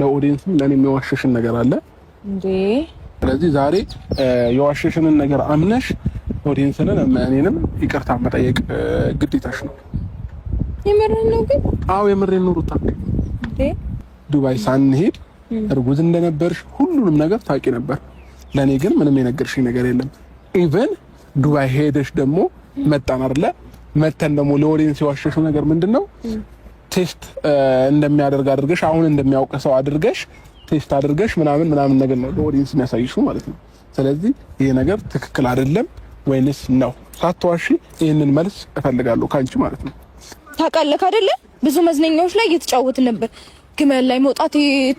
ለኦዲየንስም ለእኔ የዋሸሽን ነገር አለ። ስለዚህ ዛሬ የዋሸሽንን ነገር አምነሽ ኦዲየንስንን እኔንም ይቅርታ መጠየቅ ግዴታሽ ነው። የምሬን ነው ግን? አዎ የምሬን ነው ሩታ። ዱባይ ሳንሄድ እርጉዝ እንደነበርሽ ሁሉንም ነገር ታውቂ ነበር። ለእኔ ግን ምንም የነገርሽኝ ነገር የለም። ኢቨን ዱባይ ሄደሽ ደግሞ መጣን አይደለ? መተን ደግሞ ለኦዲየንስ የዋሸሽው ነገር ምንድን ነው? ቴስት እንደሚያደርግ አድርገሽ አሁን እንደሚያውቅ ሰው አድርገሽ ቴስት አድርገሽ ምናምን ምናምን ነገር ነው ለኦዲየንስ የሚያሳይሹ ማለት ነው። ስለዚህ ይሄ ነገር ትክክል አይደለም ወይንስ ነው? ሳትዋሺ ይህንን መልስ እፈልጋለሁ ከአንቺ ማለት ነው። ታውቃለህ አይደለ? ብዙ መዝናኛዎች ላይ እየተጫወትን ነበር። ግመል ላይ መውጣት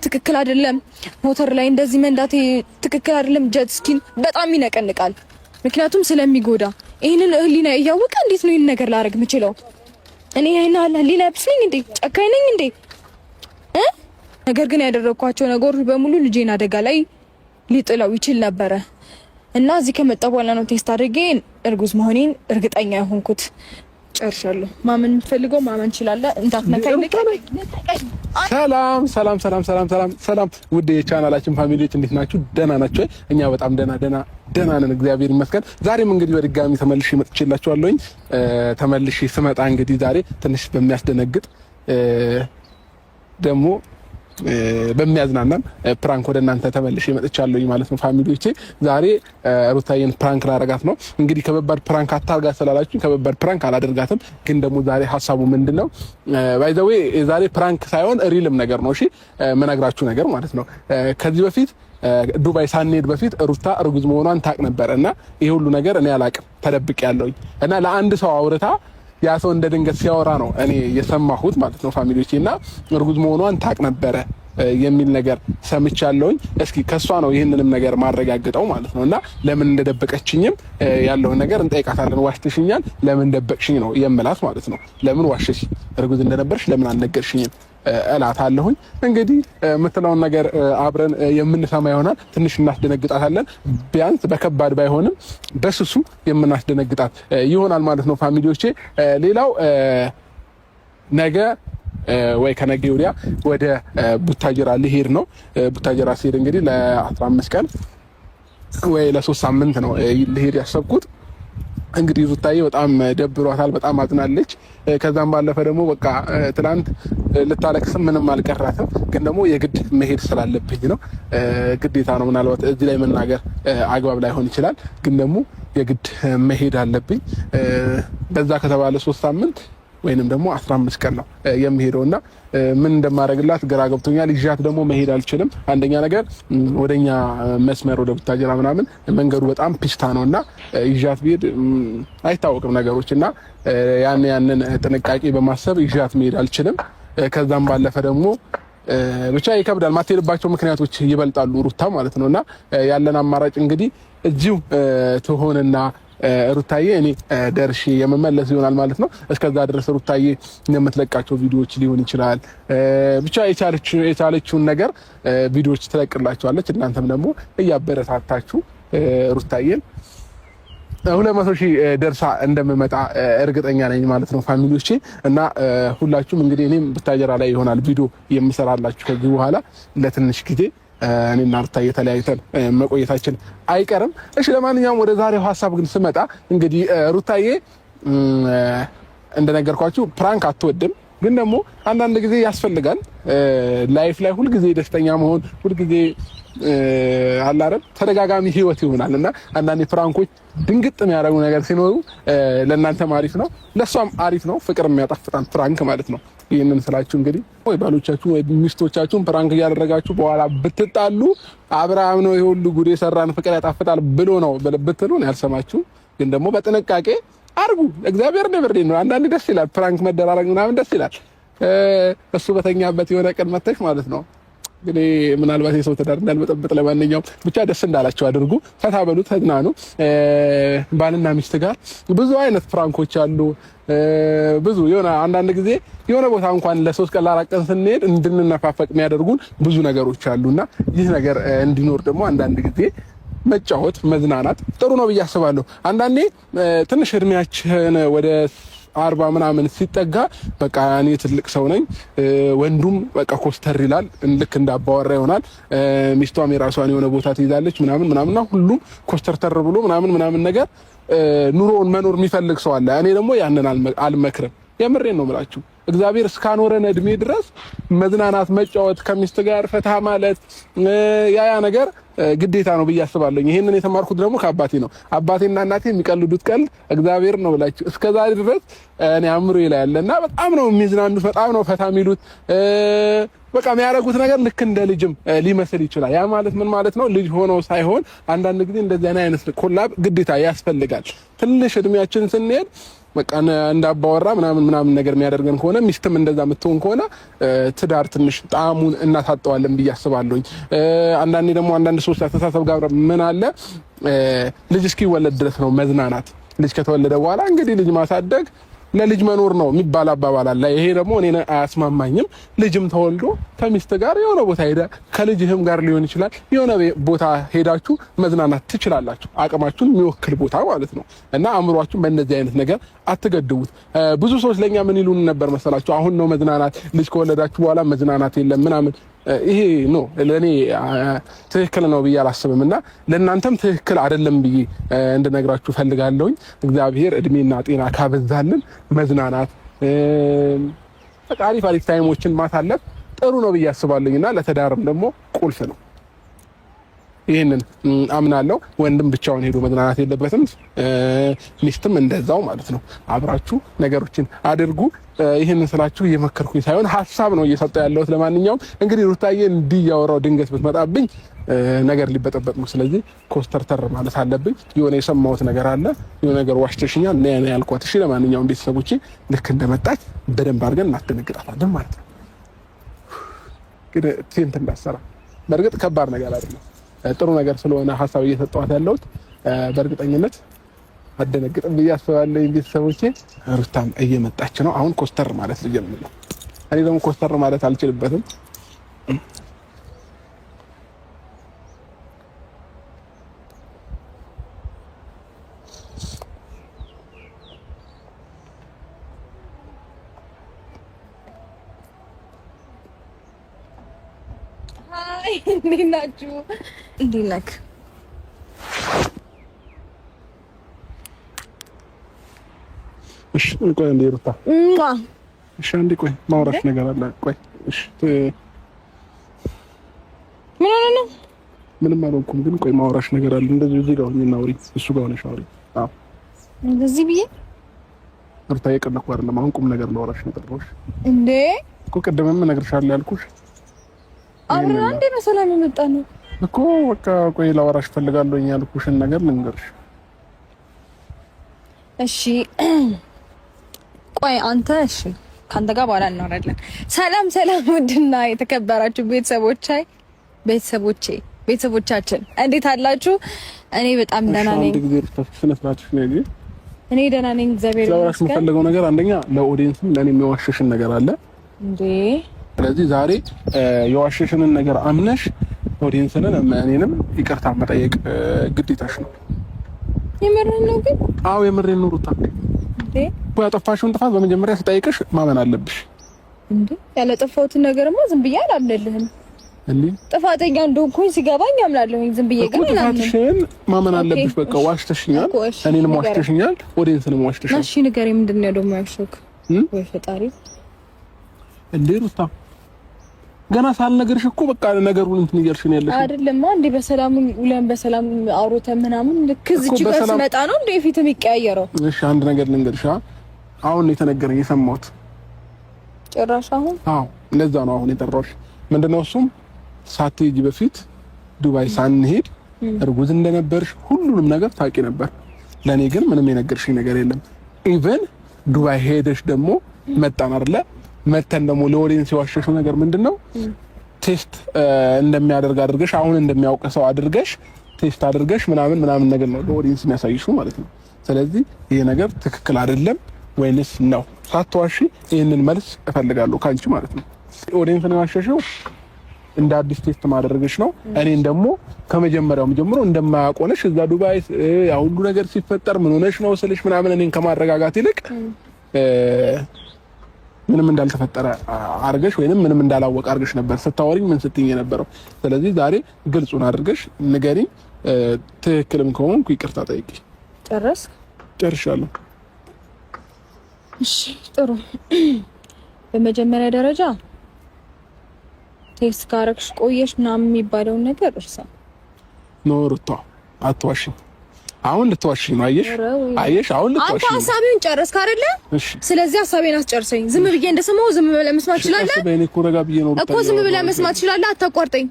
ትክክል አይደለም፣ ሞተር ላይ እንደዚህ መንዳት ትክክል አይደለም፣ ጀት ስኪን በጣም ይነቀንቃል፣ ምክንያቱም ስለሚጎዳ። ይህንን ህሊና እያወቀ እንዴት ነው ይህን ነገር ላደርግ የምችለው? እኔ ይሄን አለ ሊነብስኝ እንዴ? ጨካኝ ነኝ እንዴ? ነገር ግን ያደረኳቸው ነገሮች በሙሉ ልጄን አደጋ ላይ ሊጥለው ይችል ነበረ እና እዚህ ከመጣ በኋላ ነው ቴስት አድርጌ እርጉዝ መሆኔን እርግጠኛ የሆንኩት። ጨርሻለሁ። ማመን የምትፈልገው ማመን እችላለሁ። እንዳትነካኝ። ሰላም ሰላም ሰላም ሰላም ሰላም ሰላም። ውድ የቻናላችን ፋሚሊዎች እንዴት ናችሁ? ደህና ናቸው። እኛ በጣም ደህና ደህና ደህና ነን፣ እግዚአብሔር ይመስገን። ዛሬም እንግዲህ በድጋሚ ተመልሼ መጥቼላችኋለሁኝ። ተመልሼ ስመጣ እንግዲህ ዛሬ ትንሽ በሚያስደነግጥ ደግሞ በሚያዝናናን ፕራንክ ወደ እናንተ ተመልሼ መጥቻለሁ ማለት ነው። ፋሚሊዎቼ ዛሬ ሩታዬን ፕራንክ ላረጋት ነው። እንግዲህ ከበባድ ፕራንክ አታርጋት ስላላችሁ ከበባድ ፕራንክ አላደርጋትም። ግን ደግሞ ዛሬ ሀሳቡ ምንድን ነው? ባይ ዘ ዌይ ዛሬ ፕራንክ ሳይሆን ሪልም ነገር ነው። እሺ መነግራችሁ ነገር ማለት ነው። ከዚህ በፊት ዱባይ ሳንሄድ በፊት ሩታ እርጉዝ መሆኗን ታቅ ነበር እና ይህ ሁሉ ነገር እኔ አላቅም ተደብቅ ያለውኝ እና ለአንድ ሰው አውርታ ያ ሰው እንደ ድንገት ሲያወራ ነው እኔ የሰማሁት ማለት ነው። ፋሚሊዎቼ እና እርጉዝ መሆኗን ታቅ ነበረ የሚል ነገር ሰምቻለሁኝ። እስኪ ከእሷ ነው ይህንንም ነገር ማረጋግጠው ማለት ነው። እና ለምን እንደደበቀችኝም ያለውን ነገር እንጠይቃታለን። ዋሽተሽኛል፣ ለምን ደበቅሽኝ ነው የምላት ማለት ነው። ለምን ዋሸሽ? እርጉዝ እንደነበርሽ ለምን አልነገርሽኝም? እላታለሁኝ። እንግዲህ የምትለውን ነገር አብረን የምንሰማ ይሆናል። ትንሽ እናስደነግጣታለን። ቢያንስ በከባድ ባይሆንም በስሱ የምናስደነግጣት ይሆናል ማለት ነው ፋሚሊዎቼ። ሌላው ነገ ወይ ከነገ ወዲያ ወደ ቡታጀራ ሊሄድ ነው። ቡታጀራ ሲሄድ እንግዲህ ለ15 ቀን ወይ ለሶስት ሳምንት ነው ሊሄድ ያሰብኩት። እንግዲህ ሩታዬ በጣም ደብሯታል፣ በጣም አዝናለች። ከዛም ባለፈ ደግሞ በቃ ትናንት ልታለቅስም ምንም አልቀራትም፣ ግን ደግሞ የግድ መሄድ ስላለብኝ ነው ግዴታ ነው። ምናልባት እዚህ ላይ መናገር አግባብ ላይሆን ይችላል፣ ግን ደግሞ የግድ መሄድ አለብኝ። በዛ ከተባለ ሶስት ሳምንት ወይንም ደግሞ 15 ቀን ነው የሚሄደው እና ምን እንደማደርግላት ግራ ገብቶኛል። ይዣት ደግሞ መሄድ አልችልም። አንደኛ ነገር ወደኛ መስመር ወደ ቡታጀራ ምናምን መንገዱ በጣም ፒስታ ነው እና ይዣት ብሄድ አይታወቅም ነገሮች እና ያን ያንን ጥንቃቄ በማሰብ ይዣት መሄድ አልችልም። ከዛም ባለፈ ደግሞ ብቻ ይከብዳል። ማትሄድባቸው ምክንያቶች ይበልጣሉ ሩታ ማለት ነው እና ያለን አማራጭ እንግዲህ እዚሁ ትሆንና ሩታዬ እኔ ደርሼ የምመለስ ይሆናል ማለት ነው። እስከዛ ድረስ ሩታዬ የምትለቃቸው ቪዲዮዎች ሊሆን ይችላል ብቻ የቻለችውን ነገር ቪዲዮዎች ትለቅላቸዋለች። እናንተም ደግሞ እያበረታታችሁ ሩታዬን ሁለት መቶ ሺህ ደርሳ እንደምመጣ እርግጠኛ ነኝ ማለት ነው ፋሚሊዎቼ። እና ሁላችሁም እንግዲህ እኔም ብታጀራ ላይ ይሆናል ቪዲዮ የምሰራላችሁ ከዚህ በኋላ ለትንሽ ጊዜ እኔና ሩታ እየተለያይተን መቆየታችን አይቀርም። እሺ፣ ለማንኛውም ወደ ዛሬው ሀሳብ ግን ስመጣ እንግዲህ ሩታዬ እንደነገርኳችሁ ፕራንክ አትወድም፣ ግን ደግሞ አንዳንድ ጊዜ ያስፈልጋል። ላይፍ ላይ ሁልጊዜ ደስተኛ መሆን ሁልጊዜ አላረም ተደጋጋሚ ህይወት ይሆናል እና አንዳንድ ፕራንኮች ድንግጥ የሚያደርጉ ነገር ሲኖሩ ለእናንተም አሪፍ ነው፣ ለእሷም አሪፍ ነው። ፍቅር የሚያጣፍጣን ፕራንክ ማለት ነው። ይህንን ስላችሁ እንግዲህ ወይ ባሎቻችሁ ወይ ሚስቶቻችሁን ፕራንክ እያደረጋችሁ በኋላ ብትጣሉ አብርሃም ነው የሁሉ ጉድ የሰራን ፍቅር ያጣፍጣል ብሎ ነው ብትሉ ያልሰማችሁ፣ ግን ደግሞ በጥንቃቄ አርጉ። እግዚአብሔር ነብር ነው። አንዳንድ ደስ ይላል ፕራንክ መደራረግ ምናምን ደስ ይላል። እሱ በተኛበት የሆነ ቀን መተሽ ማለት ነው እንግዲህ ምናልባት የሰው ትዳር እንዳልመጠበጥ፣ ለማንኛውም ብቻ ደስ እንዳላቸው አድርጉ። ፈታ በሉ፣ ተዝናኑ። ባልና ሚስት ጋር ብዙ አይነት ፍራንኮች አሉ። ብዙ የሆነ አንዳንድ ጊዜ የሆነ ቦታ እንኳን ለሶስት ቀን ለአራት ቀን ስንሄድ እንድንነፋፈቅ የሚያደርጉን ብዙ ነገሮች አሉና ይህ ነገር እንዲኖር ደግሞ አንዳንድ ጊዜ መጫወት መዝናናት ጥሩ ነው ብዬ አስባለሁ። አንዳንዴ ትንሽ እድሜያችን ወደ አርባ ምናምን ሲጠጋ በቃ እኔ ትልቅ ሰው ነኝ። ወንዱም በቃ ኮስተር ይላል፣ ልክ እንዳባወራ ይሆናል። ሚስቷም የራሷን የሆነ ቦታ ትይዛለች ምናምን ምናምንና ሁሉም ተር ብሎ ምናምን ምናምን ነገር ኑሮውን መኖር የሚፈልግ ሰው አለ። እኔ ደግሞ ያንን አልመክርም። የምሬን ነው ምላችሁ እግዚአብሔር እስካኖረን እድሜ ድረስ መዝናናት፣ መጫወት፣ ከሚስት ጋር ፈታ ማለት ያያ ነገር ግዴታ ነው ብዬ አስባለሁ። ይሄንን የተማርኩት ደግሞ ከአባቴ ነው። አባቴና እናቴ የሚቀልዱት ቀልድ እግዚአብሔር ነው ብላችሁ እስከዛ ድረስ እኔ አምሮ ላይ እና በጣም ነው የሚዝናኑት፣ በጣም ነው ፈታ የሚሉት። በቃ የሚያደርጉት ነገር ልክ እንደ ልጅም ሊመስል ይችላል። ያ ማለት ምን ማለት ነው? ልጅ ሆነው ሳይሆን አንዳንድ ጊዜ እንደዚህ አይነት ኮላብ ግዴታ ያስፈልጋል። ትንሽ እድሜያችን ስንሄድ በቃ እንዳባወራ ምናምን ምናምን ነገር የሚያደርገን ከሆነ ሚስትም እንደዛ የምትሆን ከሆነ ትዳር ትንሽ ጣዕሙን እናሳጠዋለን ብዬ አስባለሁኝ። አንዳንዴ ደግሞ አንዳንድ ሰዎች አስተሳሰብ ጋር ምን አለ ልጅ እስኪወለድ ድረስ ነው መዝናናት። ልጅ ከተወለደ በኋላ እንግዲህ ልጅ ማሳደግ ለልጅ መኖር ነው የሚባል አባባል አለ። ይሄ ደግሞ እኔ አያስማማኝም። ልጅም ተወልዶ ከሚስት ጋር የሆነ ቦታ ሄደ ከልጅህም ጋር ሊሆን ይችላል የሆነ ቦታ ሄዳችሁ መዝናናት ትችላላችሁ። አቅማችሁን የሚወክል ቦታ ማለት ነው። እና አእምሯችሁን በእነዚህ አይነት ነገር አትገድቡት። ብዙ ሰዎች ለእኛ ምን ይሉን ነበር መሰላችሁ? አሁን ነው መዝናናት፣ ልጅ ከወለዳችሁ በኋላ መዝናናት የለም ምናምን ይሄ ኖ ለእኔ ትክክል ነው ብዬ አላስብም እና ለእናንተም ትክክል አይደለም ብዬ እንድነግራችሁ ፈልጋለሁኝ። እግዚአብሔር እድሜና ጤና ካበዛልን መዝናናት፣ በቃ አሪፍ አሪፍ ታይሞችን ማሳለፍ ጥሩ ነው ብዬ አስባለሁኝ እና ለተዳርም ደግሞ ቁልፍ ነው። ይህንን አምናለሁ። ወንድም ብቻውን ሄዶ መዝናናት የለበትም፣ ሚስትም እንደዛው ማለት ነው። አብራችሁ ነገሮችን አድርጉ። ይህን ስላችሁ እየመከርኩኝ ሳይሆን ሀሳብ ነው እየሰጠ ያለሁት። ለማንኛውም እንግዲህ ሩታዬ እንዲህ ያወራው ድንገት ብትመጣብኝ ነገር ሊበጠበጥ ነው። ስለዚህ ኮስተርተር ማለት አለብኝ። የሆነ የሰማሁት ነገር አለ፣ የሆነ ነገር ዋሽተሽኛል ነ ያልኳት። እሺ፣ ለማንኛውም ቤተሰቦቼ ልክ እንደመጣች በደንብ አድርገን እናስደነግጣታለን ማለት ነው። ግን ቴንት እንዳሰራ በእርግጥ ከባድ ነገር አይደለም። ጥሩ ነገር ስለሆነ ሀሳብ እየሰጠኋት ያለሁት በእርግጠኝነት አደነግጥም ብዬ አስባለሁ። ቤተሰቦቼ ሩታም እየመጣች ነው። አሁን ኮስተር ማለት ልጀምር ነው። እኔ ደግሞ ኮስተር ማለት አልችልበትም። እንዴት ናችሁ? እንዴት ነህ? እሺ ቆይ እንደ ሩታ እሺ፣ አንዴ ቆይ፣ ማውራት ነገር አለ። ቆይ እሺ፣ ምን ሆነ ነው? ምንም አልሆንኩም፣ ግን ቆይ፣ ማውራሽ ነገር አለ። እንደዚህ እዚህ ጋር ሆኜ እናውሪ፣ እሱ ጋር ሆነሽ አውሪ። አዎ እንደዚህ ብዬ ሩታ፣ የቀለድኩ አይደለም። አሁን ቁም ነገር ላውራሽ ነው የጠራሁሽ። እንዴ እኮ ቅድምም እነግርሻለሁ ያልኩሽ አሁን አንዴ በሰላም የመጣ ነው እኮ በቃ። ቆይ ላወራሽ እፈልጋለሁ ያልኩሽን ነገር ልንገርሽ እሺ ቆይ አንተ እሺ፣ ከአንተ ጋር በኋላ እናወራለን። ሰላም ሰላም፣ ውድና የተከበራችሁ ቤተሰቦቼ ቤተሰቦቼ ቤተሰቦቻችን እንዴት አላችሁ? እኔ በጣም ደህና ነኝ። እኔ ደህና ነኝ፣ እግዚአብሔር ይመስገን። የምፈልገው ነገር አንደኛ ለኦዲየንስም ለእኔ የዋሸሽን ነገር አለ እንዴ። ስለዚህ ዛሬ የዋሸሽንን ነገር አምነሽ ኦዲየንስንን እኔንም ይቅርታ መጠየቅ ግዴታሽ ነው። የምሬን ነው ግን? አዎ የምሬን ኑሩታ እንዴ እኮ ያጠፋሽውን ጥፋት በመጀመሪያ ስጠይቅሽ ማመን አለብሽ። እንዴ ያላጠፋሁትን ነገርማ ዝም ብዬ አላምንልህም። እንዴ ጥፋተኛ እንደሆንኩኝ ሲገባኝ አምናለሁኝ። ዝም ብዬ ግን ጥፋትሽን ማመን አለብሽ። በቃ ዋሽተሽኛል፣ እኔንም ዋሽተሽኛል፣ ወዴትንም ዋሽተሽኛል። እሺ ንገረኝ፣ ምንድን ነው ደግሞ ያልሽው? ወይ ፈጣሪ! እንዴ ሩታ ገና ሳልነግርሽ እኮ በቃ ነገሩን እንትን እያልሽ ነው ያለሽ። አይደለም እንዴ በሰላም ውለን በሰላም አውሮተን ምናምን ልክ እዚህ ጋር ስመጣ ነው እንዴ ፊትም ይቀያየረው። እሺ አንድ ነገር ልንገርሽ አሁን የተነገረኝ የሰማሁት ጭራሽ አሁን። አዎ እንደዛ ነው አሁን የጠራሁሽ። ምንድነው እሱም ሳትሄጂ በፊት ዱባይ ሳንሄድ እርጉዝ እንደነበርሽ ሁሉንም ነገር ታውቂ ነበር። ለእኔ ግን ምንም የነገርሽኝ ነገር የለም። ኢቨን ዱባይ ሄደሽ ደግሞ መጣን አይደለ? መተን ደግሞ ለወዴን ሲዋሸሽው ነገር ምንድነው ቴስት እንደሚያደርግ አድርገሽ አሁን እንደሚያውቅ ሰው አድርገሽ ቴስት አድርገሽ ምናምን ምናምን ነገር ነው ለወዴንስ የሚያሳይሽው ማለት ነው። ስለዚህ ይሄ ነገር ትክክል አይደለም። ወይንስ ነው? ሳትዋሺ ይህንን መልስ እፈልጋለሁ ከአንቺ ማለት ነው። ኦዲየንስን የማሸሸው እንደ አዲስ ቴስት ማደረግሽ ነው። እኔን ደግሞ ከመጀመሪያውም ጀምሮ እንደማያቆነሽ እዛ ዱባይ ያው ሁሉ ነገር ሲፈጠር ምን ሆነሽ ነው ስልሽ ምናምን እኔን ከማረጋጋት ይልቅ ምንም እንዳልተፈጠረ አርገሽ ወይንም ምንም እንዳላወቀ አርገሽ ነበር ስታወሪኝ ምን ስትኝ የነበረው። ስለዚህ ዛሬ ግልጹን አድርገሽ ንገሪኝ። ትክክልም ከሆንኩ ይቅርታ ጠይቂ። ጨረስክ? ጨርሻለሁ። እሺ ጥሩ። በመጀመሪያ ደረጃ ቴክስት ካረክሽ ቆየሽ ምናምን የሚባለውን ነገር እርሳ። ኖ ሩታ አትዋሽኝ። አሁን ልትዋሽኝ ነው። አየሽ አየሽ፣ አሁን ልትዋሽኝ አንተ ሀሳቤን ጨረስክ አይደለ? ስለዚህ ሀሳቤን አስጨርሰኝ። ዝም ብዬ እንደሰማው ዝም ብለህ መስማት ትችላለህ እኮ ረጋ ብዬ ነው እኮ። ዝም ብለህ መስማት ትችላለህ። አታቋርጠኝ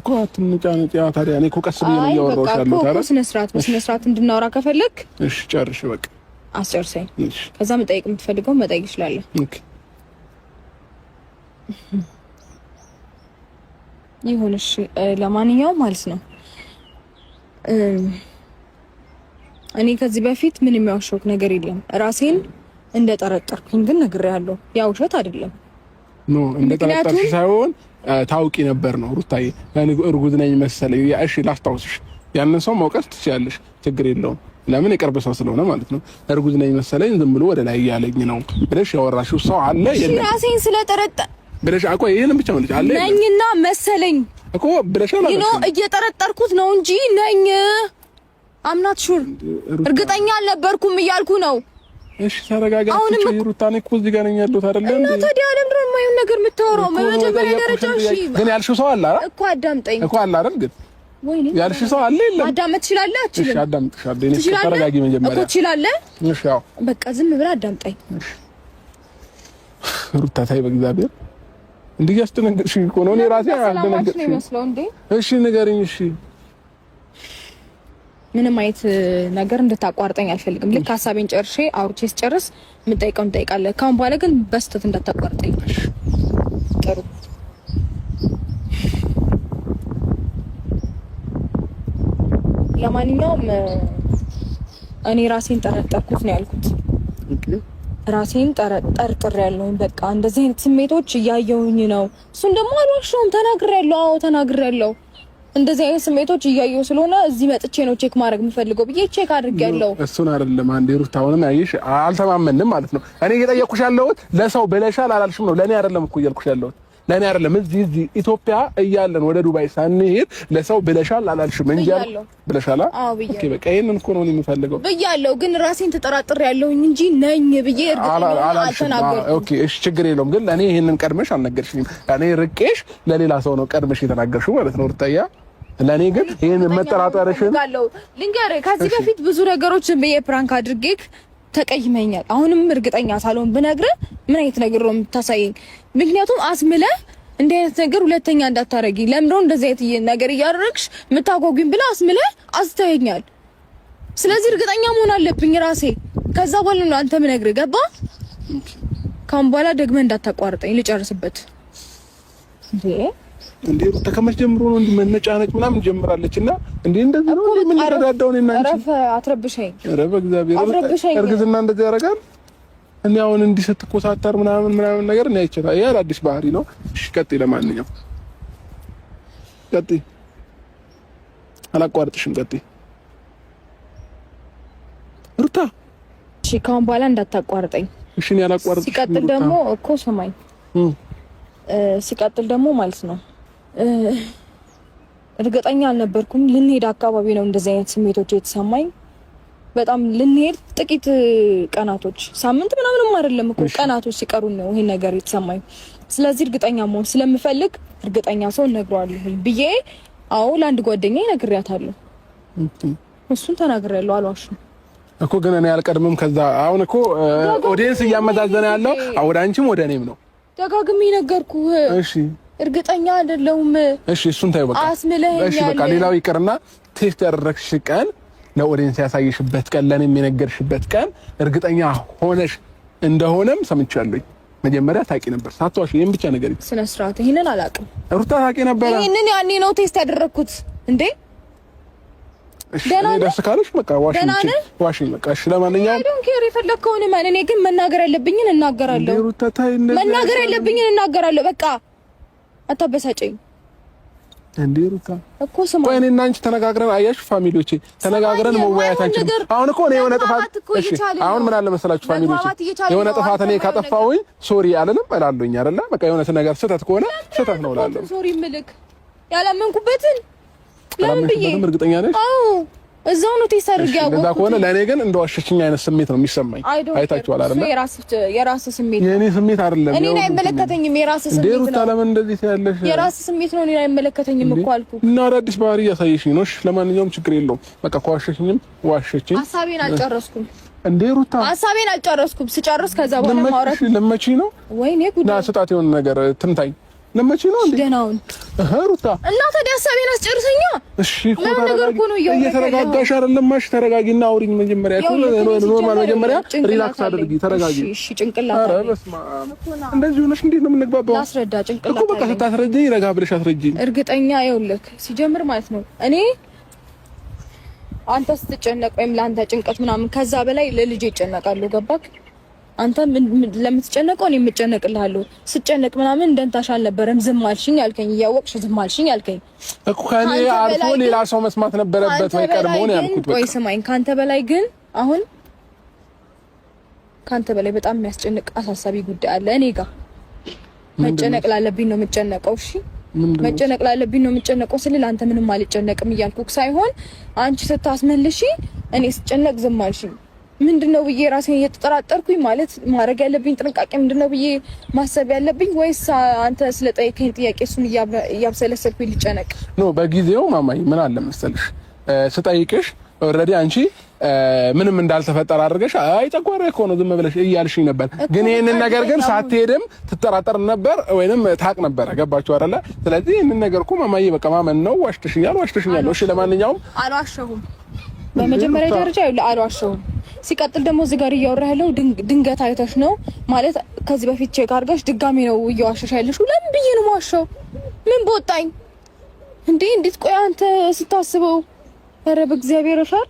እኮ አትንጫንጫ። ታዲያ እኔ እኮ ቀስ ብዬ ነው እያወራሁሽ ያለሁት። ስነ ስርዓት በስነ ስርዓት እንድናወራ ከፈለግ እሺ፣ ጨርሽ በቃ አስጨርሰኝ። ከዛ መጠየቅ የምትፈልገው መጠየቅ ይችላለን። ይሁን እሺ። ለማንኛውም ማለት ነው እኔ ከዚህ በፊት ምን የሚያውሸውክ ነገር የለም። ራሴን እንደጠረጠርኩኝ ግን ነግሬሃለሁ። ያ ውሸት አይደለም። ኖ እንደጠረጠርሽ ሳይሆን ታውቂ ነበር ነው ሩታዬ። እርጉዝ ነኝ መሰለኝ። እሺ ላስታውስሽ። ያንን ሰው መውቀስ ትችያለሽ፣ ችግር የለውም ለምን የቅርብ ሰው ስለሆነ ማለት ነው። እርጉዝ ነኝ መሰለኝ ዝም ብሎ ወደ ላይ እያለኝ ነው ብለሽ ያወራሽው ሰው አለ የለም? ራሴን ስለጠረጠ ብለሽ አቆ ይሄን ብቻ ማለት አለ ነኝና መሰለኝ እኮ ብለሽ ነው ነው እየጠረጠርኩት ነው እንጂ ነኝ አምናት ሹር እርግጠኛ አልነበርኩም እያልኩ ነው። እሺ ተረጋጋ። አሁንም ሩታ ነኝ እኮ እዚህ ጋር ነኝ ያለሁት አይደለ እንዴ? እና ታዲያ ለምንድን ነው የማይሆን ነገር የምታወራው? በመጀመሪያ ደረጃ እሺ፣ ግን ያልሽው ሰው አለ አይደል እኮ አዳምጠኝ እኮ አለ አይደል ግን ያልሽ ሰው አለ የለም? ማዳመጥ ትችላለህ አትችልም? እሺ አዳምጥሻለሁ። እኔ ተረጋጊ መጀመሪያ እኮ ትችላለህ። እሺ አዎ፣ በቃ ዝም ብለህ አዳምጣኝ። እሺ ሩታ፣ ታይ በእግዚአብሔር እንዲህ ያስደነገጥሽኝ እኮ ነው። እኔ ራሴ አልደነገጥሽኝ እንዴ? እሺ ንገሪኝ። እሺ ምንም አይነት ነገር እንድታቋርጠኝ አልፈልግም። ልክ ሀሳቤን ጨርሼ አውርቼ ስጨርስ የምጠይቀውን እንጠይቃለን። ካሁን በኋላ ግን በስተት እንዳታቋርጠኝ። ጥሩ ለማንኛውም እኔ ራሴን ጠረጠርኩት ነው ያልኩት። ራሴን ጠርጥር ያለውኝ በቃ እንደዚህ አይነት ስሜቶች እያየውኝ ነው። እሱን ደግሞ አልዋሻውም፣ ተናግር ያለው አዎ፣ ተናግር ያለው እንደዚህ አይነት ስሜቶች እያየው ስለሆነ እዚህ መጥቼ ነው ቼክ ማድረግ የምፈልገው ብዬ ቼክ ያለው እሱን አይደለም አንዴ ሩት፣ አሁንም አየሽ፣ አልተማመንም ማለት ነው። እኔ እየጠየኩሽ ያለሁት ለሰው ብለሻል አላልሽም ነው፣ ለእኔ አይደለም እኮ እያልኩሽ ያለሁት ለእኔ አይደለም። እዚህ እዚህ ኢትዮጵያ እያለን ወደ ዱባይ ሳንሄድ ለሰው ብለሻል አላልሽም እንጂ ብለሻል። ኦኬ በቃ ይሄንን እኮ ነው የምፈልገው ብያለሁ፣ ግን ራሴን ተጠራጥር ያለሁኝ እንጂ ነኝ ብዬ አልተናገርኩም። ኦኬ እሺ፣ ችግር የለውም። ግን ለእኔ ይሄንን ቀድመሽ አልነገርሽኝም። እኔ ርቄሽ ለሌላ ሰው ነው ቀድመሽ የተናገርሽው ማለት ነው ሩታያ ለእኔ ግን ይሄን መጠራጠርሽን ልንገርህ፣ ከዚህ በፊት ብዙ ነገሮችን ብዬ ፕራንክ አድርጌክ ተቀይመኛል። አሁንም እርግጠኛ ሳልሆን ብነግርህ ምን አይነት ነገር ነው የምታሳየኝ? ምክንያቱም አስምለ እንዲህ አይነት ነገር ሁለተኛ እንዳታረጊ ለምዶ እንደዚህ አይነት ነገር እያደረግሽ የምታጓጉኝ ብለ አስምለ አስተያየኛል። ስለዚህ እርግጠኛ መሆን አለብኝ ራሴ። ከዛ በኋላ ነው አንተ ምነግር ገባ። ካሁን በኋላ ደግመ እንዳታቋርጠኝ ልጨርስበት። እንዴ ተከመች ጀምሮ ነው እንዲ መነጫነጭ ምናምን ጀምራለች። እና እንዴ እንደዚህ ነው እንዴ የምንረዳዳው ነው። እናንቺ አረፈ አትረብሸኝ። እግዚአብሔር በእግዚአብሔር እርግዝና እንደዚህ ያደርጋል። እኔ አሁን እንዲህ ስትኮሳተር ምናምን ምናምን ነገር እኔ አይቻለሁ። ይሄ አዲስ ባህሪ ነው። እሺ ቀጥይ። ለማንኛውም ቀጥይ፣ አላቋርጥሽም። ቀጥይ ሩታ። እሺ ካሁን በኋላ እንዳታቋርጠኝ እሺ። እኔ አላቋርጥሽም። ሲቀጥል ደግሞ እኮ ስማኝ፣ ሲቀጥል ደግሞ ማለት ነው እርግጠኛ አልነበርኩም። ልንሄድ አካባቢ ነው እንደዚህ አይነት ስሜቶች የተሰማኝ። በጣም ልንሄድ ጥቂት ቀናቶች ሳምንት ምናምንም አይደለም እኮ ቀናቶች ሲቀሩን ነው ይሄን ነገር የተሰማኝ። ስለዚህ እርግጠኛ መሆን ስለምፈልግ እርግጠኛ ሰው እነግረዋለሁ ብዬ አዎ ለአንድ ጓደኛ እነግሬያታለሁ። እሱን ተናግሬያለሁ፣ አልዋሽም እኮ ግን እኔ አልቀድምም። ከዛ አሁን እኮ ኦዲየንስ እያመዛዘነ ያለው ወደ አንቺም ወደ እኔም ነው። ደጋግሜ ነገርኩህ። እሺ እርግጠኛ አይደለሁም። እሺ እሱን ታይ በቃ አስምለኸኛል። እሺ በቃ ሌላው ይቅርና ቴስት ያደረግሽ ቀን ለኦዲየንስ ያሳየሽበት ቀን፣ ለእኔም የነገርሽበት ቀን እርግጠኛ ሆነሽ እንደሆነም ሰምቻለሁ። መጀመሪያ ታውቂ ነበር ሳትዋሽ። ይሄን ብቻ ነገር ይ ስነ ስርዓት ይሄንን አላውቅም። ሩታ ታውቂ ነበር። ይሄንን ያኔ ነው ቴስት ያደረግኩት እንዴ። ደስ ካለሽ በቃ ዋሽኝ። በቃ እሺ፣ ለማንኛውም የፈለግከውን ማን እኔ ግን መናገር ያለብኝን እናገራለሁ። መናገር ያለብኝን እናገራለሁ በቃ አታበሳጨኝ እንዴ ሩታ እኮ ስማ፣ ቆይ እኔና አንቺ ተነጋግረን አያሽ ፋሚሊዎቼ ተነጋግረን መወያየታችን አሁን እኮ የሆነ ጥፋት እሺ፣ አሁን ምን አለ መሰላችሁ ፋሚሊዎቼ፣ የሆነ ጥፋት እኔ ካጠፋሁኝ ሶሪ አለንም እላለሁኝ አይደለ? በቃ የሆነ ነገር ስህተት ከሆነ ስህተት ነው እላለሁ። ሶሪ ምልክ ያላመንኩበትን ለምን ብዬ እርግጠኛ ነሽ? አዎ እዛው ነው ተሰርግ ያው እንደዛ ከሆነ ለእኔ ግን እንደዋሸችኝ አይነት ስሜት ነው የሚሰማኝ። አይታችኋል አይደል? የራስህ የራስህ ስሜት ነው። የእኔ ስሜት አይደለም። እኔን አይመለከተኝም። የራስህ ስሜት ነው። ዴሩታ ለምን እንደዚህ ትያለሽ? የራስህ ስሜት ነው። እኔን አይመለከተኝም እኮ አልኩህ። እና አዳዲስ ባህሪ እያሳየሽኝ ነው። እሺ፣ ለማንኛውም ችግር የለውም። በቃ ከዋሸሽኝም ዋሸችኝ። ሀሳቤን አልጨረስኩም እንዴ ሩታ፣ ሀሳቤን አልጨረስኩም። ስጨርስ ከዛ በኋላ ማውራት ልመቺ ነው ወይ? እኔ ጉድ ስጣት የሆነ ነገር ትምታኝ ለመቼ ነው እንዴ? ገና እህ ሩታ እና ተዳሳቤን አስጨርሰኛ። እሺ እኮ እየተረጋጋሽ አይደለም። እሺ ተረጋጊና አውሪኝ። መጀመሪያ ኖርማል፣ መጀመሪያ ሪላክስ አድርጊ፣ ተረጋጊ። እሺ ጭንቅላት እንደዚህ ሆነሽ እንዴት ነው የምንግባባው? ላስረዳ ጭንቅላት እኮ በቃ ስታስረጂኝ ረጋ ብለሽ አስረጂኝ። እርግጠኛ ይኸውልህ፣ ሲጀምር ማለት ነው እኔ አንተ ስትጨነቅ ወይም ለአንተ ጭንቀት ምናምን ከዛ በላይ ለልጄ ይጨነቃለሁ። ገባክ አንተ ለምትጨነቀው እኔ የምጨነቅልሃለሁ። ስጨነቅ ምናምን እንደንታሽ አልነበረም። ዝም አልሽኝ ያልከኝ እያወቅሽ ዝም አልሽኝ ያልከኝ እኮ ከኔ አልፎ ሌላ ሰው መስማት ነበረበት ወይ ቀድሞ ነው ያልኩት። ወይ ስማኝ፣ ከአንተ በላይ ግን አሁን ከአንተ በላይ በጣም የሚያስጨንቅ አሳሳቢ ጉዳይ አለ እኔ ጋር። መጨነቅ ላለብኝ ነው የምጨነቀው። እሺ መጨነቅ ላለብኝ ነው የምጨነቀው ስልል አንተ ምንም አልጨነቅም እያልኩ ሳይሆን አንቺ ስታስመልሽ እኔ ስጨነቅ ዝም አልሽኝ። ምንድነው ብዬ ራሴን እየተጠራጠርኩኝ ማለት ማድረግ ያለብኝ ጥንቃቄ ምንድነው ብዬ ማሰብ ያለብኝ ወይስ አንተ ስለጠየቀኝ ጥያቄ እሱን እያብሰለሰልኩኝ ልጨነቅ ኖ በጊዜው ማማኝ ምን አለ መሰልሽ ስጠይቅሽ ኦልሬዲ አንቺ ምንም እንዳልተፈጠረ አድርገሽ አይ ጨጓራ እኮ ነው ዝም ብለሽ እያልሽኝ ነበር። ግን ይህንን ነገር ግን ሳትሄድም ትጠራጠር ነበር ወይንም ታቅ ነበረ። ገባችሁ አይደለ? ስለዚህ ይህንን ነገር እኮ ማማዬ በቃ ማመን ነው። ዋሽተሽኛል፣ ዋሽተሽኛል። እሺ፣ ለማንኛውም አልዋሸሁም። በመጀመሪያ ደረጃ አልዋሸሁም። ሲቀጥል ደግሞ እዚህ ጋር እያወራ ያለው ድንገት አይተሽ ነው ማለት ከዚህ በፊት ቼክ አድርገሽ ድጋሚ ነው እየዋሸሽ ያለሽ። ለምን ብዬ ነው ዋሸው? ምን በወጣኝ እንዴ? እንዴት ቆይ አንተ ስታስበው ረብ እግዚአብሔር ፈር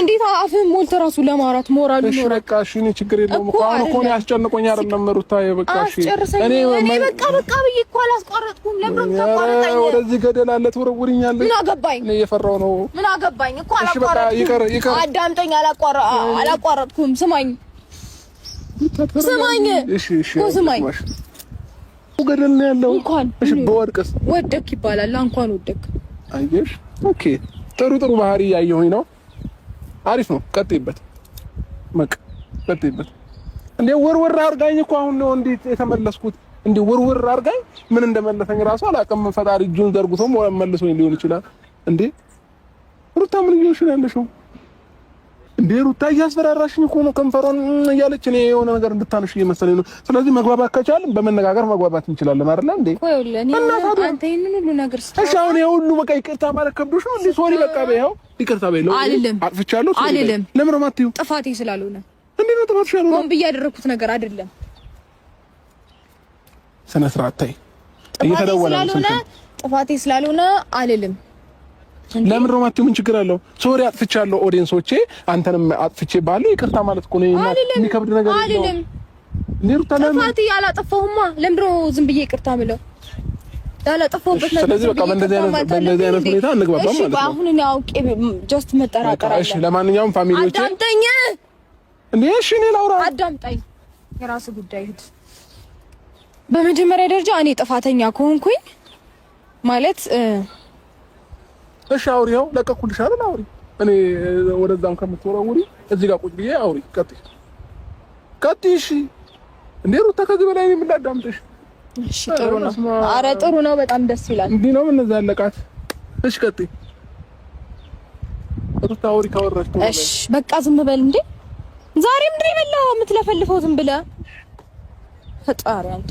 እንዴት አፍህን ሞልተ ራሱ ለማውራት ሞራል ይኖር። በቃ እሺ፣ እኔ ችግር የለውም እኮ አሁን እኮ አስጨንቆኝ አይደለም መሩታ። በቃ እሺ፣ እኔ በቃ በቃ ብዬሽ እኮ አላስቆረጥኩም። ለምን ታቋረጣኝ? ወደዚህ ገደል አለ ትወረውሪኛለሽ። ምን አገባኝ? እኔ እየፈራሁ ነው። ምን አገባኝ እኮ አላቋረጥኩም። አዳምጠኝ፣ አላቋረጥኩም። ስማኝ፣ ስማኝ፣ እሺ፣ እሺ፣ ስማኝ ገደል ነው ያለው። እንኳን እሺ፣ በወድቅስ ወደክ ይባላል። እንኳን ወደክ። አየሽ፣ ኦኬ፣ ጥሩ ጥሩ ባህሪ እያየሁኝ ነው አሪፍ ነው። ቀጥይበት፣ መቅ ቀጥይበት። እንዴ ውርውር አርጋኝ እኮ አሁን ነው እንዴት የተመለስኩት። እንዴ ውርውር አርጋኝ ምን እንደመለሰኝ ራሱ አላውቅም። ፈጣሪ እጁን ዘርግቶ መልሶኝ ሊሆን ይችላል። እንዴ ሩታ ምን እየሆንሽ ነው ያለሽው? እንዴ ሩታ እያስፈራራሽኝ እኮ ነው። ከንፈሯን እያለች እኔ የሆነ ነገር እንድታነሽ እየመሰለኝ ነው። ስለዚህ መግባባት ከቻልን በመነጋገር መግባባት እንችላለን አይደል? እንዴ እና ታዲያ አንተ ይሄንን ሁሉ ነገር እሺ፣ አሁን ይሄ ሁሉ በቃ ይቅርታ ማለት ከብዶሽ ነው እንዴ? ሶሪ በቃ በይኸው ይቅርታ በይ። አልልም፣ አጥፍቻለሁ አልልም። ለምን ነው የማትይው? ጥፋቴ ስላልሆነ እንዴ ነው ጥፋትሽ ያልሆነ? ሆን ብዬ ያደረኩት ነገር አይደለም። ስነ ስርዓት ታይ። እየተደወለ ጥፋቴ ስላልሆነ አልልም። ለምን ነው የማትይው? ምን ችግር አለው? ሶሪ አጥፍቻለሁ። ኦዲየንሶቼ አንተንም አጥፍቼ ባለው ይቅርታ ማለት እኮ ነው የሚከብድ ነገር አልልም። ጥፋቴ አላጠፋሁማ። ለምንድን ነው ዝም ብዬ ይቅርታ ምለው? ያለጠፋሁበት ነገር ስለዚህ በቃ በእንደዚህ አይነት በእንደዚህ አይነት ሁኔታ እንግባባም ማለት ነው። አሁን እኔ አውቄ ጀስት መጠራጠር እሺ ለማንኛውም አዳምጠኝ እንዴ! እሺ እኔ ላውራ አዳምጠኝ። የራስ ጉዳይ በመጀመሪያ ደረጃ እኔ ጥፋተኛ ከሆንኩኝ ማለት እሺ፣ ለቀኩልሽ አይደል? አውሪ እኔ ወደዛም ከምትወረውሪ እዚህ ጋር ቁጭ ብዬ አውሪ። ቀጥይ ቀጥይ። እሺ እንዴ ሩታ፣ ከዚህ በላይ እኔ እሺ፣ ጥሩ ነው። ጥሩ ነው። በጣም ደስ ይላል። እንዲህ ነው ያለቃት። እሺ፣ ቀጥይ። ካወራሽ እሺ፣ በቃ ዝም በል እንዴ። ዛሬም ድሬ የምትለፈልፈው ዝም ፈጣሪ አንተ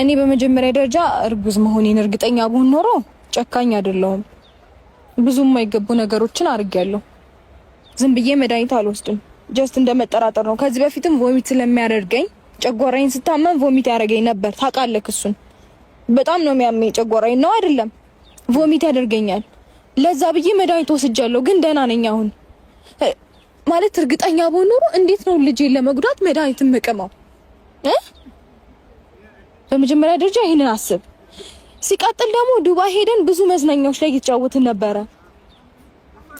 እኔ በመጀመሪያ ደረጃ እርጉዝ መሆኔን እርግጠኛ ብሆን ኖሮ ጨካኝ አይደለሁም። ብዙ የማይገቡ ነገሮችን አድርጌያለሁ። ዝም ብዬ መድኃኒት አልወስድም። ጀስት እንደመጠራጠር ነው። ከዚህ በፊትም ቮሚት ስለሚያደርገኝ ጨጓራዬን ስታመም ቮሚት ያደርገኝ ነበር። ታውቃለህ፣ እሱን በጣም ነው የሚያመኝ ጨጓራዬን ነው አይደለም፣ ቮሚት ያደርገኛል። ለዛ ብዬ መድኃኒት ወስጃለሁ፣ ግን ደህና ነኝ አሁን። ማለት እርግጠኛ ብሆን ኖሮ እንዴት ነው ልጄ ለመጉዳት መድኃኒት የምቅመው? በመጀመሪያ ደረጃ ይህንን አስብ። ሲቀጥል ደግሞ ዱባይ ሄደን ብዙ መዝናኛዎች ላይ እየተጫወትን ነበረ።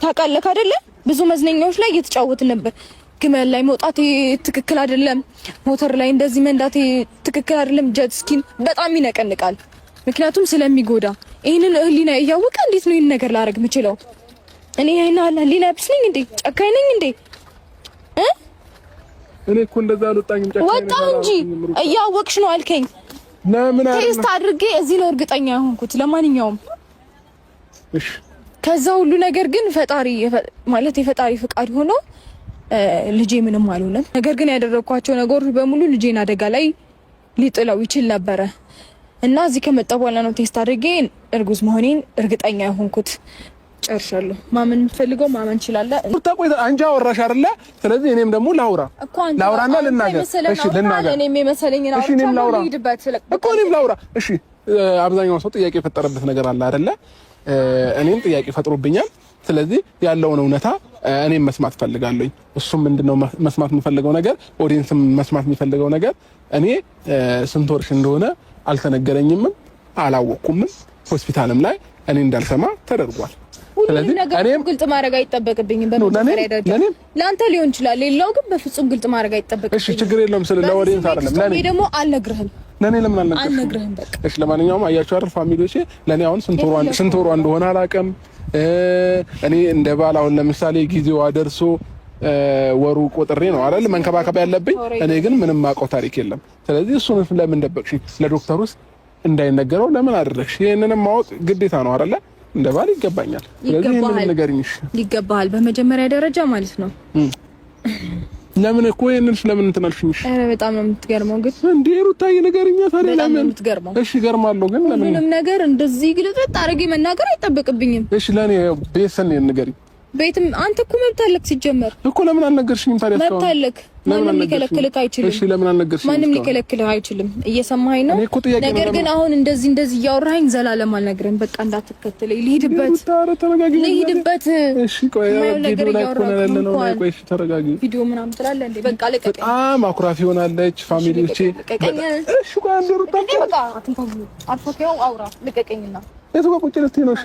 ታውቃለህ አይደለ? ብዙ መዝናኛዎች ላይ እየተጫወትን ነበር። ግመል ላይ መውጣቴ ትክክል አይደለም። ሞተር ላይ እንደዚህ መንዳቴ ትክክል አይደለም። ጀት ስኪን በጣም ይነቀንቃል፣ ምክንያቱም ስለሚጎዳ። ይህንን ህሊና እያወቀ እንዴት ነው ይህን ነገር ላደርግ የምችለው? እኔ ይህን አለ ህሊና ቢስ ነኝ እንዴ? ጨካኝ ነኝ እንዴ? እኔ እኮ እንደዛ አልወጣኝም። ጨካኝ ወጣሁ እንጂ እያወቅሽ ነው አልከኝ። ለምን ቴስት አድርጌ እዚህ ነው እርግጠኛ የሆንኩት። ለማንኛውም ከዛ ሁሉ ነገር ግን ፈጣሪ ማለት የፈጣሪ ፍቃድ ሆኖ ልጄ ምንም አልሆነም። ነገር ግን ያደረግኳቸው ነገሮች በሙሉ ልጄን አደጋ ላይ ሊጥለው ይችል ነበረ እና እዚህ ከመጣ በኋላ ነው ቴስት አድርጌ እርጉዝ መሆኔን እርግጠኛ የሆንኩት። ጨርሻለሁ። ማመን ፈልገው ማመን ይችላል። ቁጣ ቆይ አወራሽ አይደለ? ስለዚህ እኔም ደግሞ ላውራ ላውራና ልናገር። እሺ ልናገር። እኔም የመሰለኝ ነው። እኔም ላውራ እኮ እኔም ላውራ። እሺ አብዛኛው ሰው ጥያቄ የፈጠረበት ነገር አለ አይደለ? እኔም ጥያቄ ፈጥሮብኛል። ስለዚህ ያለውን እውነታ እኔም መስማት ፈልጋለኝ። እሱም ምንድነው መስማት የምፈልገው ነገር፣ ኦዲየንስም መስማት የሚፈልገው ነገር እኔ ስንት ወርሽ እንደሆነ አልተነገረኝም አላወቅኩምም። ሆስፒታልም ላይ እኔ እንዳልሰማ ተደርጓል። ስለዚህ እኔም ግልጽ ማድረግ አይጠበቅብኝም። በመጀመሪያ ደረጃ ለአንተ ሊሆን ይችላል፣ ሌላው ግን በፍጹም ግልጽ ማድረግ አይጠበቅብኝም። እሺ ችግር የለውም። ስለ ለኦዲየንስ አይደለም ለኔ ደግሞ አልነግርህም ለኔ ለምን አልነገርሽም? ለማንኛውም አያችሁ አይደል ፋሚሊዎቼ፣ ለእኔ አሁን ስንት ወሯ እንደሆነ አላውቅም። እኔ እንደ ባል አሁን ለምሳሌ ጊዜዋ ደርሶ ወሩ ቁጥሬ ነው አይደል መንከባከብ ያለብኝ። እኔ ግን ምንም ማውቀው ታሪክ የለም። ስለዚህ እሱን ለምን ደበቅሽ? ለዶክተር ውስጥ እንዳይነገረው ለምን አደረግሽ? ይህንንም ማወቅ ግዴታ ነው አይደለ? እንደ ባል ይገባኛል። ስለዚህ ይህንን ንገሪኝ። ይገባሃል፣ በመጀመሪያ ደረጃ ማለት ነው ለምን እኮ ይሄንን ስለምን እንትን አልሽኝ? እሺ፣ በጣም ነው የምትገርመው። ግን እንዴ ሩታዬ ንገሪኛ ታዲያ ለምን የምትገርመው? እሺ፣ እገርማለሁ። ግን ለምን ምንም ነገር እንደዚህ ግልጥ አድርጌ መናገር አይጠበቅብኝም። እሺ፣ ለኔ ቤሰን ነው ንገሪኝ ቤትም አንተ እኮ መብት አለክ። ሲጀመር እኮ ለምን አልነገርሽኝም ታዲያ? መብት አለክ። ማንም ሊከለክልህ አይችልም። እሺ ለምን አልነገርሽኝም? ማንም ሊከለክልህ አይችልም። እየሰማኸኝ ነው? ነገር ግን አሁን እንደዚህ እንደዚህ እያወራኸኝ ዘላለም አልነግርህም። በቃ እንዳትከተለኝ፣ ልሂድበት፣ ልሂድበት። እሺ ቆይ ነገር እያወራኸኝ ነው። ቆይ እሺ ተረጋጊ። ቪዲዮ ምናምን ትላለህ እንዴ? በቃ ልቀቀኝ። በጣም አኩራፊ ሆናለች። ፋሚሊዎቼ ልቀቀኝ። እሺ ቆይ አንዴ ሩጣ በቃ አትንካኝ። አውራ ልቀቀኝና የቱ ጋር ቁጭ ልትይ ነው? እሺ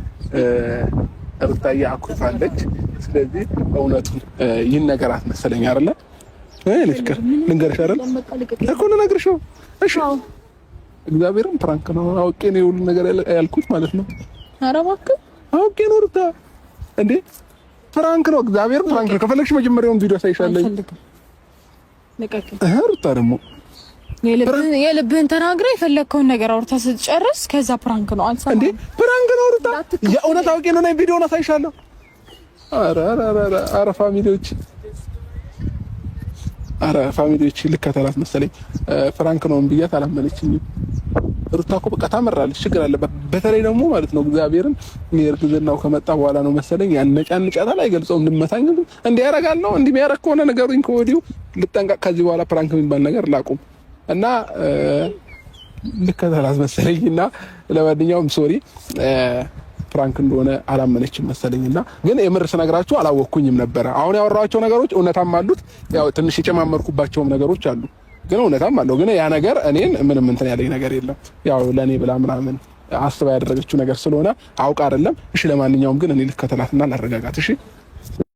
ሩታዬ አኩርፋለች። ስለዚህ እውነቱን ነገራት መሰለኝ አይደለ? እኔ ፍቅር ልንገርሽ አይደል እኮ ልነግርሽው። እሺ እግዚአብሔርም ፕራንክ ነው አውቄ ነው ሁሉ ነገር ያልኩት ማለት ነው። ኧረ እባክህ አውቄ ነው ሩታ እንዴ ፍራንክ ነው። እግዚአብሔር ፍራንክ ነው። ከፈለግሽ መጀመሪያውን ቪዲዮ ሳይሻለኝ ሩታ ደግሞ የልብህን ተናግረ የፈለግከውን ነገር አውርታ ስትጨርስ ከዛ ፕራንክ ነው አልሰማም እንዴ? ፕራንክ ነው አውርታ። የእውነት አውቄ ነው ነኝ ቪዲዮውን አሳይሻለሁ። ኧረ አረ ኧረ ፋሚሊዎች፣ አረ ፋሚሊዎች ልከተላት መሰለኝ። ፍራንክ ነው ብያት አላመነችኝ። ሩታ እኮ በቃ ታመራለች፣ ችግር አለባት። በተለይ ደግሞ ማለት ነው እግዚአብሔርን የእርግዝናው ከመጣ በኋላ ነው መሰለኝ ያነጫንጫታል። አይገልጸውም። እንድመታኝ እንዲህ ያደርጋል ነው እንዲህ የሚያደርግ ከሆነ ነገሩኝ ከወዲሁ ልጠንቀቅ። ከዚህ በኋላ ፍራንክ የሚባል ነገር ላቁም። እና ልከተላት መሰለኝ እና ለማንኛውም ሶሪ ፍራንክ እንደሆነ አላመነችም መሰለኝ እና ግን የምር ስነግራችሁ አላወቅኩኝም ነበረ። አሁን ያወራኋቸው ነገሮች እውነታም አሉት፣ ያው ትንሽ የጨማመርኩባቸውም ነገሮች አሉ፣ ግን እውነታም አለው። ግን ያ ነገር እኔን ምንም እንትን ያለኝ ነገር የለም። ያው ለእኔ ብላ ምናምን አስባ ያደረገችው ነገር ስለሆነ አውቅ አይደለም። እሺ፣ ለማንኛውም ግን እኔ ልከተላትና ላረጋጋት። እሺ